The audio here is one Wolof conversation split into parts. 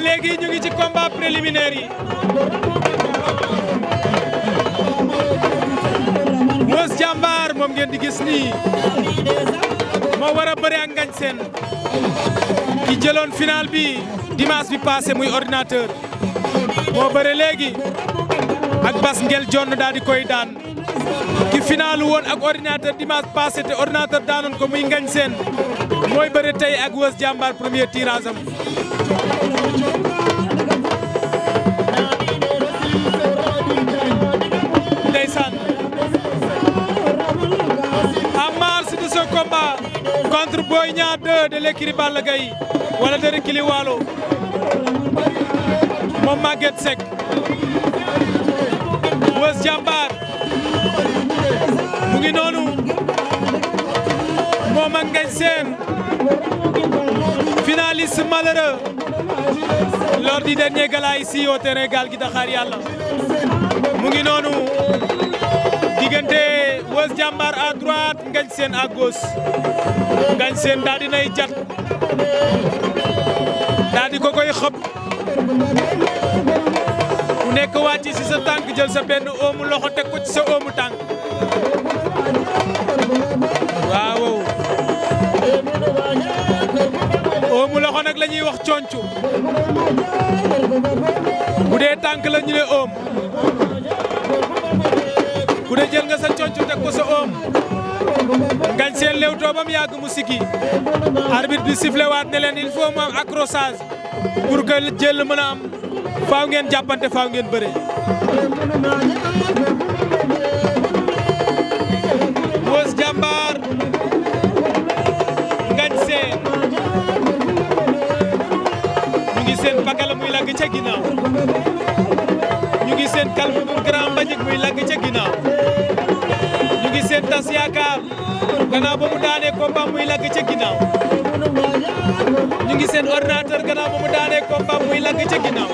léegi ñu ngi ci combat préliminaire yi Moos moom ngeen di gis nii moo war a bëri ak Ngagne Sène ki jëloon final bi dimanche bi passé muy ordinateur moo bëre léegi ak Bas Ngel Jonn daal di koy daan ki final woon ak ordinateur dimanche passé te ordinateur daanoon ko muy Ngagne Sène mooy bëre tey ak Weuz Diambar premier tirage ndeysaan Amar c'est de ce combat contre Boy Niang 2 de l'écurie Balla Gaye wala de l'écurie Walo moom Maguette Seck Weuz Diambar mu ngi noonu moom ak Ngagne artiste malheureux lors du dernier gala ici au terrain Gaal Gui Dakhar Yalla mu ngi noonu diggante Weuz Diambar à droite Ngagne Sène à gauche Ngagne daal di nay jat daal ko koy xëpp ku nekk wàcc ci sa tànk jël sa benn oomu loxo teg ko ci sa oomu tànk loxo nag la ñuy wax concu bu dee tànk la ñu ne oom bu dee jël nga sa concu teg ko sa oom ngañ seen lew too ba mu yàgg mu sigi arbitre bi sifflé waat ne leen il faut mu am pour que jël mën a am faaw ngeen jàppante faaw ngeen bëre yaakaar gannaaw ba mu daanee combat muy lagg ca ginnaaw ñu ngi seen ordinateur gannaaw ba mu daanee combat muy lagg ca ginnaaw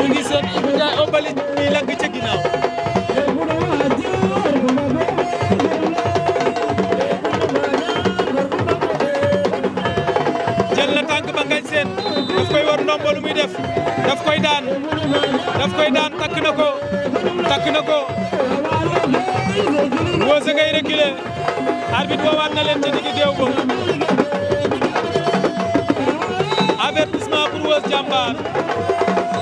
ñu ngi seen Ndiaye Obali muy lagg ca ginnaaw jël na tànk ba ngañ seen koy war ndombo lu muy def daf koy daan daf koy daan takk na ko. takk na ko Weuz ngay reculer arbitre woowaat na leen ci digg géew ba avertissement pour Weuz Diambar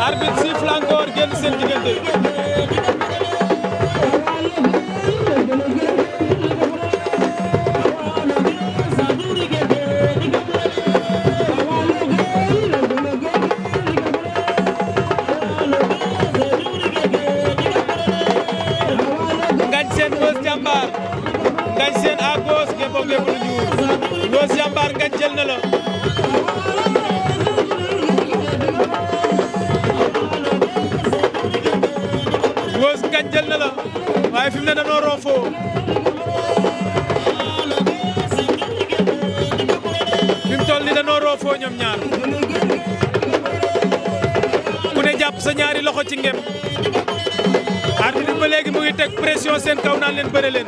arbitre siffle encore génn seen diggante waaye fi mu ne danoo roofoo fi mu toll ni danoo roofoo ñoom ñaar ku ne jàpp sa ñaari loxo ci ngem arbitre bi ba léegi mu ngi teg pression seen kaw naan leen bëre leen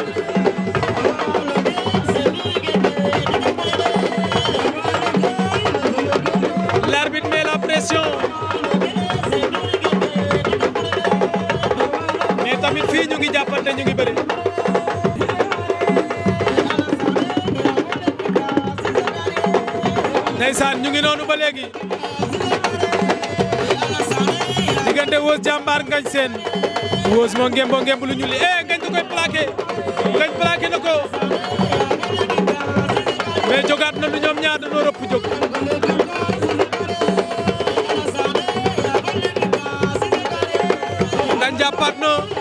jàppante ñu ngi bëri. ndeysaan ñu ngi noonu ba léegi. diggante Weuz jàmbaar Ngagne Sène. Weuz moo ngémboo ngémb lu ñuul li eh Ngagne da koy plaqué Ngagne ko. mais jogaat na lu ñoom ñaar dañoo rëpp jóg. Ngagne jàppaat na.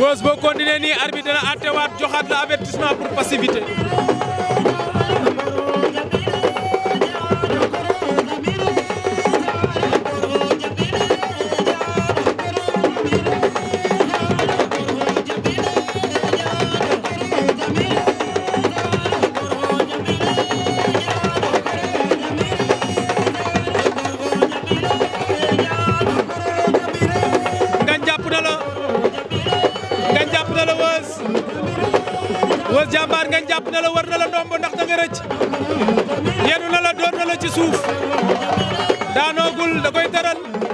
Weuz boo continuer nii arbitre dana àttewaat joxaat la avertissement pour passivité. na la wës wës jàmbaar ngañ jàpp na la war na la ndombo ndax da nga rëcc yenu na la door na la ci suuf daanoogul da koy tëral